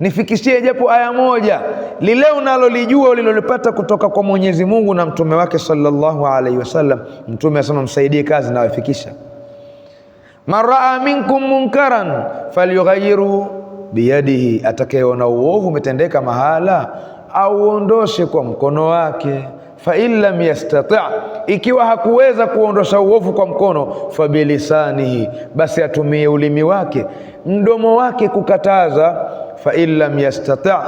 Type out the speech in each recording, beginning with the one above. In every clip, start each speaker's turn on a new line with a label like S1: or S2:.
S1: nifikishie japo aya moja lile unalolijua ulilolipata kutoka kwa Mwenyezi Mungu na mtume wake sallallahu alaihi wasallam. Mtume asema msaidie kazi nawafikisha. man raa minkum munkaran falyughayiru biyadihi, atakayeona uovu umetendeka mahala auondoshe kwa mkono wake. fa in lam yastati, ikiwa hakuweza kuondosha uovu kwa mkono, fabilisanihi, basi atumie ulimi wake, mdomo wake kukataza fa in lam yastata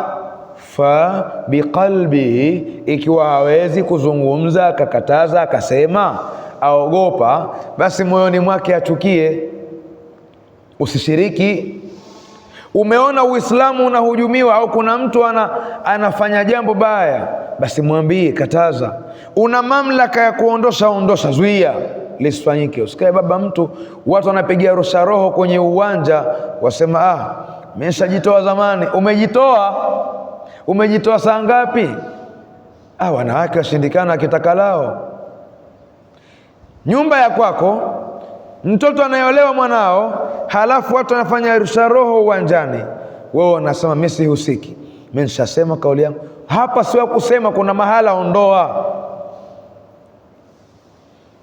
S1: fa biqalbihi, ikiwa hawezi kuzungumza akakataza akasema aogopa, basi moyoni mwake achukie, usishiriki. Umeona Uislamu unahujumiwa au kuna mtu ana, anafanya jambo baya, basi mwambie, kataza. Una mamlaka ya kuondosha, ondosha, zuia lisifanyike. Usikae baba, mtu watu wanapigia rusha roho kwenye uwanja wasema ah Nimeshajitoa zamani. Umejitoa? Umejitoa saa ngapi? Ah, wanawake washindikana akitaka lao. Nyumba ya kwako, mtoto anayeolewa mwanao, halafu watu wanafanya rusha roho uwanjani, wewe wanasema mimi sihusiki. Mimi nishasema kauli yangu hapa, sio kusema. Kuna mahala ondoa,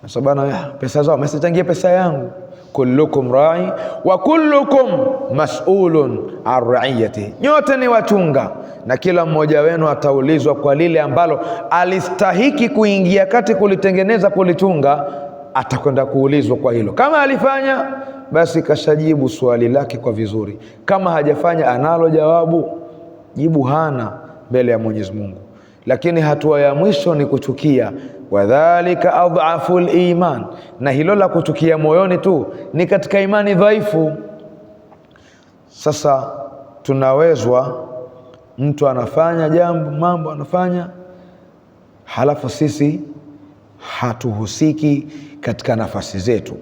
S1: nasema bana, pesa zao, msichangie pesa yangu kullukum rai wa kullukum masulun an raiyati, nyote ni wachunga na kila mmoja wenu ataulizwa kwa lile ambalo alistahiki kuingia kati kulitengeneza, kulichunga, atakwenda kuulizwa kwa hilo. Kama alifanya basi kashajibu swali lake kwa vizuri, kama hajafanya analo jawabu, jibu hana mbele ya Mwenyezi Mungu lakini hatua ya mwisho ni kuchukia. Wadhalika adhafu liman, na hilo la kuchukia moyoni tu ni katika imani dhaifu. Sasa tunawezwa, mtu anafanya jambo mambo anafanya, halafu sisi hatuhusiki katika nafasi zetu.